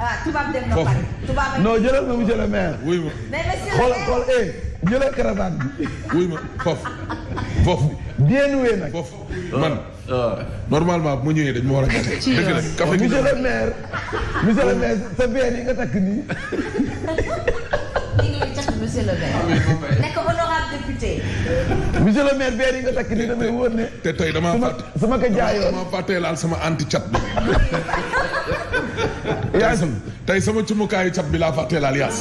ah tubaab dem na Paris. Oh. jëlal ma monsieur le maire. wuy ma mais monsieur le eh, jëlal caravane bi. wuy ma foofu foofu. bien nag. Ah. man ah. normalement bu ñëwee dañ ma war a gàcce. dëgg la café oh, gi monsieur le maire. monsieur sa veine yi nga takk nii. monsieur le ah, le maire beer yi nga takk nii damay wóor ne. te tey dama fàtte su ma ko jaayoon laal sama anti chat bi. yaas tey sama cumukaayu cat bi laa fàttee laal yaas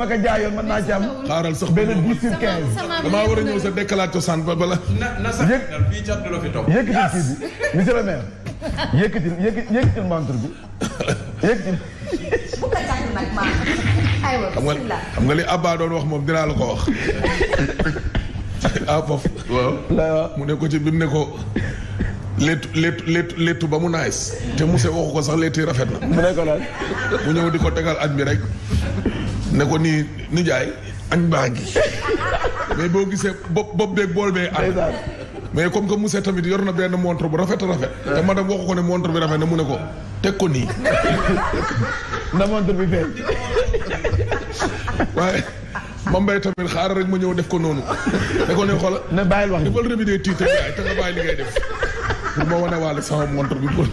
ma ko jaayoon mën naa ci am xaaral a benn dix sur quinze damaa war a cosaan ba bala na sax fii cat du la fi toog yëkkatil kii bi monsieur le maire yëkkatil yëkkatil montre bi yëkkatil bu ko tax nag maa aywa xam nga li Abba doon wax ko wax ah foofu waaw ko ko léttu léttu léttu léttu ba mu nice te monsieur waxu ko sax léttu yi rafet na. mu ne ko laaj. mu ñëw di ko degal añ bi rek ne ko nii ni jaay añ baa ngi mais boo gisee bopp bopp beeg bool beeg ànd. mais comme que monsieur tamit yor na benn montre bu rafet rafet. te madame waxu ko ne montre bi rafet na mu ne ko teg ko nii. na montre bi feeñ. waaye. ma mbay tamit xaaral rek ma ñëw def ko noonu. da ko ne xoolal. ne bàyyil wax defal remédier tiit te nga bàyyi li ngay def. pour ma wane waale sama montre bi pour.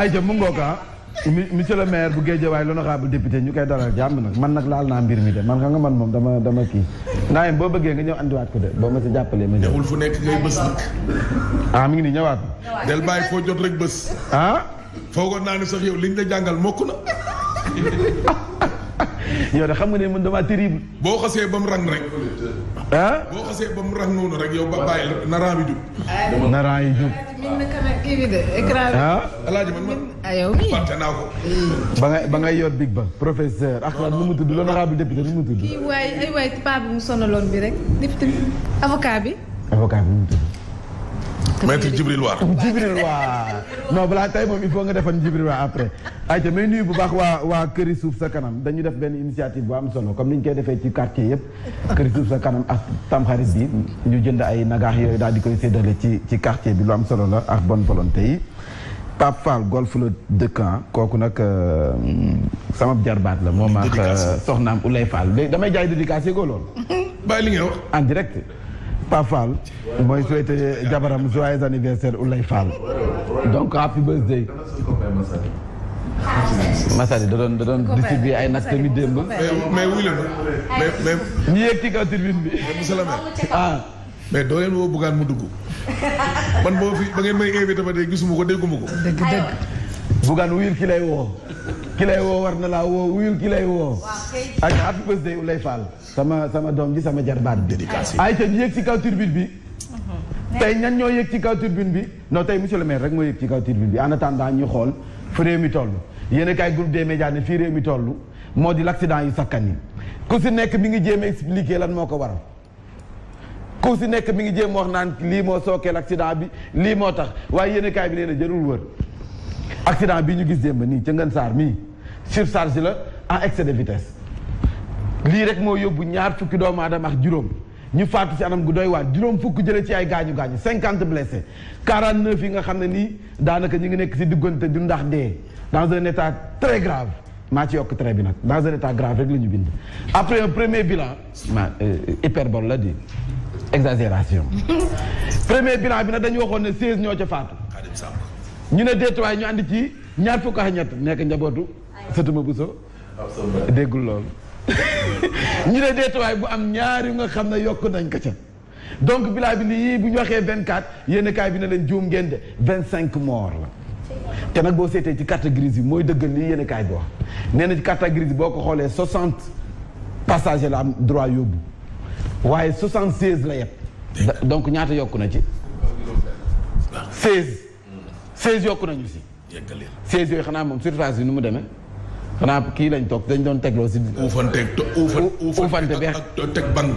ayca mu ngoog ah. monsieur le maire bu Guédiawaye l'honorable député ñu koy dalal jàmm nag man nag laal naa mbir mi de man xam nga man moom dama dama kii. naa boo bëggee nga ñëw andiwaat ko de boo ma si jàppalee ma ñëw. fu nekk ngay bës nag. ah mi ngi nii ñëwaat. del bàyyi foo jot rek bës. ah. foogoon naa ne sax yow liñ la jàngal mokk na. yow de xam nga ne man damaa terrible. boo xasee ba mu rang rek. ah boo xasee ba mu rang noonu rek yow ba bàyyi la naraan yi jub. naraan yi jub. ah. alaaji man man ah, fàtte naa ko. ba nga ba nga yor big ba professeur ak lan nu mu tudd l'honorable député nu mu tudd. kii waay ay waay paa bi mu sonaloon bi rek député avocat bi. avocat bi mu tudd. maître Djibril War Djibril War non balaa tey moom il faut nga defan Djibril War après ayca may nuyu bu baax waa waa këri suuf sa kanam dañu def benn initiative bu am solo comme ni ñu koy defee ci quartier yëpp këri suuf sa kanam ak tamxarit bi ñu jënd ay nagaax yooyu daal di koy séddale ci ci quartier bi lu am solo la ak bon volonté yi Pape Fall golf la dëkkan ah. kooku nag euh, sama jarbaat la moom ak euh, soxnaam Ulay Fall damay jaay dédicace yëgoo loolu bàyyi li nga wax Pape Fall mooy souhaiter jabaram joyeux anniversaire Oulay Fall donc happy birthday Masady da doon da ay nag tamit démb. mais wuy mais mais. ñu yegg ci kaw tribune bi. monsieur ah. mais doo leen woo bugaan mu dugg man boo fi ba ngeen may invité ba dee gisuma ko dégguma ko. dëgg dëgg. Bougane wuyul ki lay woo ki lay woo war na laa woo wuyul ki lay woo ak happy birthday Ulay Fall sama sama doom ji sama jarbaat bi ay ta ñu yëg ci kaw turbine bi mhm. tey ñan ñoo yëg ci kaw turbine bi non tey monsieur le maire rek moo yëg ci kaw turbine bi en attendant ñu xool fu réew mi toll yéen a kaay groupe des fii réew mi toll moo di l' accident yu sakkan yi ku si nekk mi ngi jéem a expliquer lan moo ko waral ku si nekk mi ngi jéem wax naan lii moo sookeel accident bi lii moo tax waaye yéen bi nee na jërul accident bi ñu gis démb nii ca Ngën Saar mii surcharge la en excès de vitesse lii rek moo yóbbu ñaar fukki doomu aadama ak juróom ñu faatu si anam gu doy waar juróom fukk jëlee ci ay gaañu gaañu cinquante blessés quarante neuf yi nga xam ne nii daanaka ñu ngi nekk si diggante du ndax dee dans un état très grave maa ci yokk très bi nag dans un état grave rek la ñu bind. après un premier bilan ma euh, hyperbole la di exagération premier bilan bi nag dañu waxoon ne seize ñoo ca faatu. ñu ne déet waaye ñu ànd ci ñaar fukk ak ñett nekk njabootu sëtuma bu so déggul lool ñu ne déet waaye bu am ñaar yu nga xam ne yokk nañ ko ca donc bilaa bi lii bu ñu waxee vingt quatre yénn kaay bi na leen juum ngeen de vingt cinq morts la te nag boo seetee ci carte grise yi mooy dëggal lii yénn kaay bi wax nee na ci carte grise yi boo ko xoolee soixante passager la am droit yóbbu waaye soixante seize la yëpp donc ñaata yokk na ci seize 16 yokku nañu si. yeggali 16 yooyu xanaa moom surface bi nu mu demee. xanaa kii lañ toog dañ doon tegloo si. uufante uufante bi ak teg ban.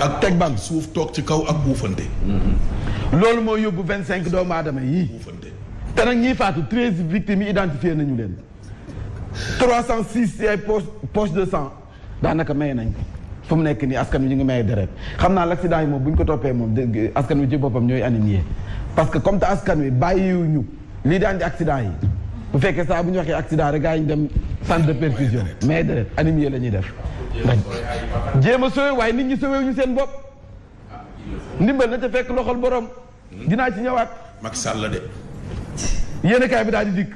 ak teg ban suuf toog ci kaw ak uufante. Mm-hmm. loolu moo yóbbu cinq doomu aadama yi uufante te nag ñiy faatu 13 victimes yi identifié nañu leen. 306 ci ay poche poche de sang daanaka maye nañ ko fu mu nekk nii askan wi ñu ngi may deret xam naa l' accident yi moom buñ ko toppee moom dégg askan wi ci boppam ñooy animé parce que comme te askan wi bàyyiwuñu. lii de di accident yi bu fekkee saa bu ñu waxee accident rek gaa ñu dem centre de perfusion mais déedéet animé la ñuy def ndax jéem a sowe waaye nit ñi sowe ñu seen bopp ndimbal na ca fekk loxol boroom dinaa ci ñëwaat. Macky de. yéen kaay bi daal di dikk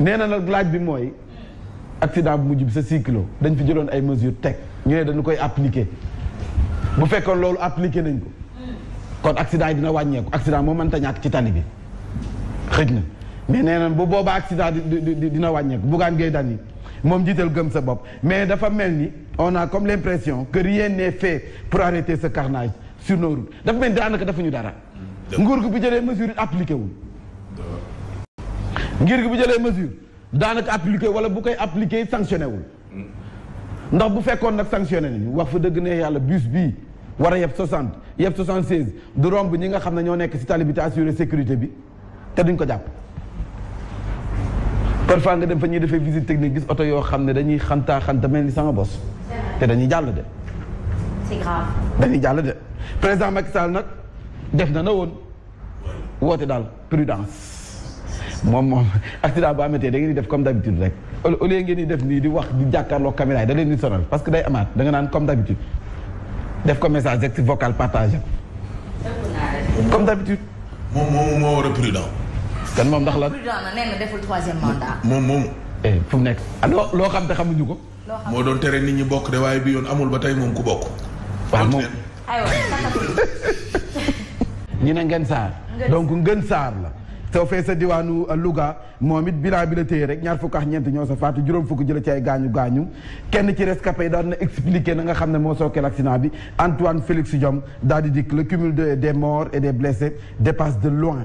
nee na nag laaj bi mooy accident bu mujj bi sa cyclo dañ fi jëloon ay mesures teg ñu ne dañu koy appliquer bu fekkoon loolu appliquer nañ ko kon accident yi dina wàññeeku accident moo mënta ñàkk ci tali bi. xëj mais nee na bu booba accident di dina wàññeeku Bougane Gueye Dany mom jiital gëm sa bop mais dafa melni on a comme l'impression que rien n'est fait pour arrêter ce carnage sur nos routes dafa mel danaka daanaka defuñu dara. nguur gi bu jëlee mesure appliqué wul. ngir gi bu jëlee mesure daanaka appliqué wala bu koy appliquer sanctionné wul. ndax bu fekkoon nak sanctionné ni wax fa dëgg ne yàlla bus bi war a yeb 60 yeb 76 du romb ñi nga xam ne ñoo nekk ci tali bi te assuré sécurité bi. te duñ ko jàpp parfois nga dem fa ñuy defee visite technique gis oto yoo xam ne dañuy xanta xanta mel ni sama bos te dañuy jàll de c'est grave dañuy jàll de président Macky Sall nag def na na woon woote daal prudence moom moom accident bu amatee da ngeen di def comme d'habitude rek au lieu ngeen di def nii di wax di jàkkaarloo caméra yi da leen di sonal parce que day amaat da nga naan comme d'habitude def ko message rek si vocal partagé comme d'habitude moom moom moo war a prudent kan mom ndax la président na nee na deful troisième mandat. moom moom. Eh, fu mu nekk ah, loo xam te xamuñu ko. loo doon tere nit ñi bok dé way bi yon amul batay mom ku bok wa mom ay wa ñu ne ngeen saar. donc ngeen saar la. soo fee sa diwaanu euh, Louga moom bi la tey rek ñaar fukk ak ñoo sa faatu juroom fuk jël ci ay gañu gañu kenn ci rescapé da na expliquer na nga xamne mo soké l'accident bi Antoine Félix diom dal di dik le cumul des morts et des blessés dépasse de loin.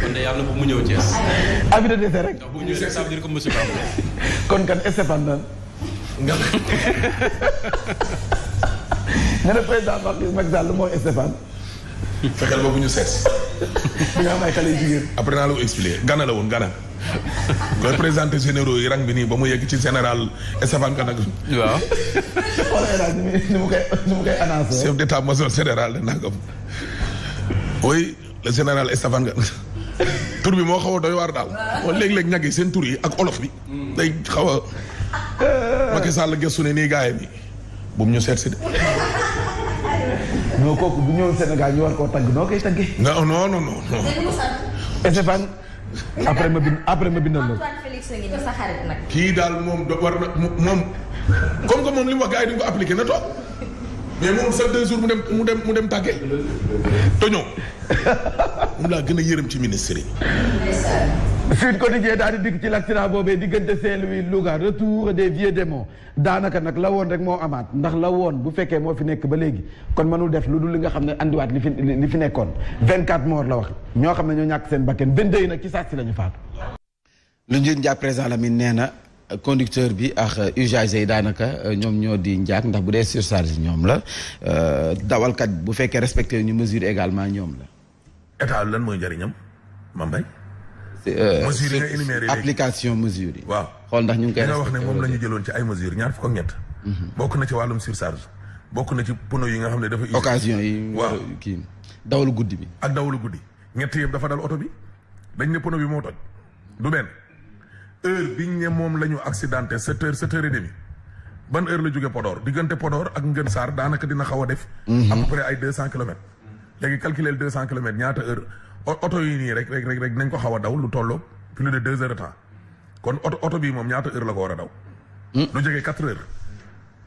kon de mu ñëw Thiès. abi de dese rek. kon kan Stéphane naan. nga ne le président Macky Sall mooy Stéphane. fexeel ba bu ñu seet. bi nga xam ay xale yu jigéen. après naa la ko expliqué Gana la woon Gana. looy présenté généraux yi rang bi nii ba mu yegg ci général Stéphane Kanak. waaw. wala El Hadj ni mu koy ni mu koy annoncé. chef d'état major général de Nangam. oui le général Stéphane Kanak. tur bi moo xaw a doy waar daal moo léeg-léeg ñag yi seen tur yi ak olof bi hmm. day xaw a Macky Sall gëstu ne nii gaayam yi bu mu ñu seet si de non kooku bu ñëw Sénégal ñu war koo tagg noo koy taggee non non non non Stéphane après ma bind après ma bindal loolu kii daal moom war na moom comme que moom li mu wax gars yi dañu ko appliqué na toog mais moom sax deux jours mu dem mu dem mu dem tàggee te ñëw moom laa gën a yërëm ci ministre yi. Sud Quotidien daal di dikk ci l'accident boobee diggante Saint-Louis Louga retour des vieux démons daanaka nag la woon rek moo amaat ndax la woon bu fekkee moo fi nekk ba léegi kon mënul def lu dul li nga xam ne andiwaat li fi li fi nekkoon 24 morts la wax ñoo xam ne ñoo ñàkk seen bakken 22 yi nag ci saasi la ñu faatu. lu ñu jàpp président Lamine nee na conducteur bi ak usager yi daanaka euh, ñoom ñoo di njaag ndax bu dee surcharge ñoom la euh, dawalkat bu fekkee respecté ñu mesure également ñoom la. état lan mooy njëriñam Mame Mbaye. Euh, mesures yi nga application mesures yi. waaw xool ndax ñu ngi koy. wax ne moom la ñu jëloon ci ay mesures ñaar fukk ak ñett. Mhm. bokk na ci wàllum surcharge. bokk na ci pono yi nga xam ne dafa. occasion yi waaw kii dawalu guddi bi. ak dawalu guddi ñett yëpp dafa dal oto bi dañ ne pono bi moo toj. du benn heure biñ ne moom la ñu accidenté sept heures sept heures et ban heure la jóge Podor diggante Podor ak Ngën Saar daanaka dina xaw a def. Mhm. à peu ay deux cent kilomètres. léegi calculer deux cent kilomètres ñaata heure oto yi nii rek rek rek nañ ko xaw a daw lu tolloo plus de deux heures de temps kon oto oto bii moom ñaata heure la ko war a daw. Hmm. lu jege quatre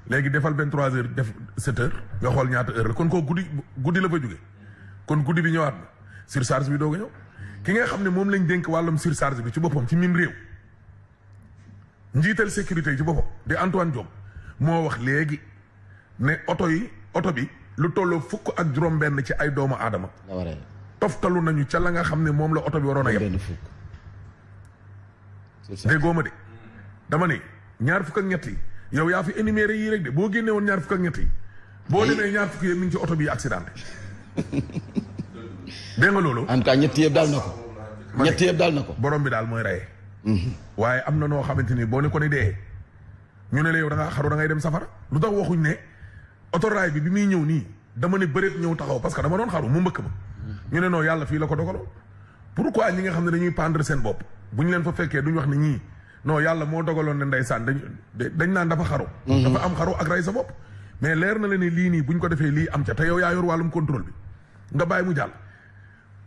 léegi defal benn trois def sept xool ñaata heure kon koo guddi guddi la fa jóge kon guddi bi ñëwaat na surcharge bi doo ko ñëw ki nga xam ne moom lañ dénk wàllum surcharge bi ci boppam ci mim réew njiital sécurité yi ci boppam di Antoine Diome moo wax léegi ne oto yi oto bi. lu tolloo fukk ak juróom-benn ci ay doomu aadama. toftalu nañu ca la nga xam ne moom la oto bi waroon a yem. déggoo ma de dama ne ñaar fukk ak ñett yow yaa fi énuméré yii rek de boo génne woon ñaar fukk ak ñett yi boo demee ñaar fukk ngi ci oto bi accidenté. dégg nga loolu. en tout cas ñett daal na ko. ñett yëpp daal na ko. borom bi daal mooy reye. Mhm. waaye am na noo xamante ni boo ne ko ni dee ñu ne la yow da xaru da ngay dem safara lu tax waxuñ ne. autorail bi bi mi ñew ni dama ne bëreet ñew taxaw parce que dama don xaru mu mbeuk ba mm-hmm. ñu ne non yalla fi la ko dogalo pourquoi ñi nga xamne dañuy pendre sen bop buñ leen fa fekke duñ wax ni ñi non yalla mo dogalon ne ndeysaan dañ dañ dafa xaru mm-hmm. dafa am xaru ak ray sa bop mais leer na la ne li ni buñ ko defé li am ca te yow ya yor walum contrôle bi nga bay mu jall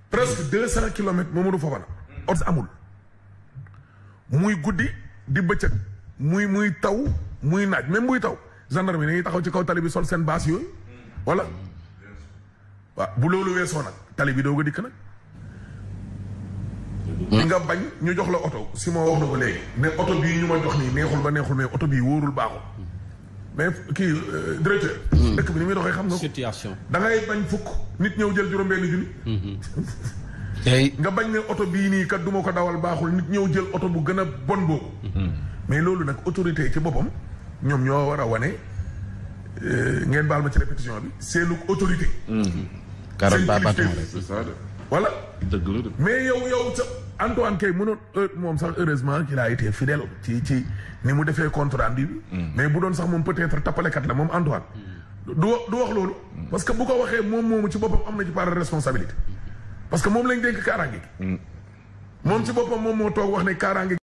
presque 200 km kilomètres Mamadou Fofana amul muy gudi di bëccëg muy muy taw muy naaj même muy taw gendarme yi dañuy taxaw ci kaw tali bi sol seen baas yooyu wala waaw bu loolu weesoo nag tali bi doog a dikk nag. li nga bañ ñu jox la oto si ma wax na ko léegi ne oto bii ñu ma jox nii ba neexul mais oto bii wóorul baaxul. mais kii euh, directeur. Hmm. dëkk bi ni muy doxee xam nga situation da bañ fukk nit ñëw jël juróom-benn junni. Hmm. tey nga bañ ne oto bii nii kat duma ko dawal baaxul nit ñëw jël oto bu gën a bon boobu. Hmm. mais loolu nag autorité ci boppam. ñoom ñoo war a wane euh, ngeen baal ma ci répétition bi seenu autorité. Mm-hmm. karam ba bàtt voilà. dëgg la mais yow yow sa Antoine Kay mënoon euh, moom sax heureusement qu'il a été fidèle ci ci ni mu defee compte rendu bi. Mm. mais bu doon sax moom peut-être tappalekat la moom Antoine. Mm. du du wax loolu. Mm. parce que bu ko waxee moom moomu ci boppam am na ci part de responsabilité. parce que moom lañ dénk kaaraange gi. moom ci boppam moom moo toog wax ne kaaraange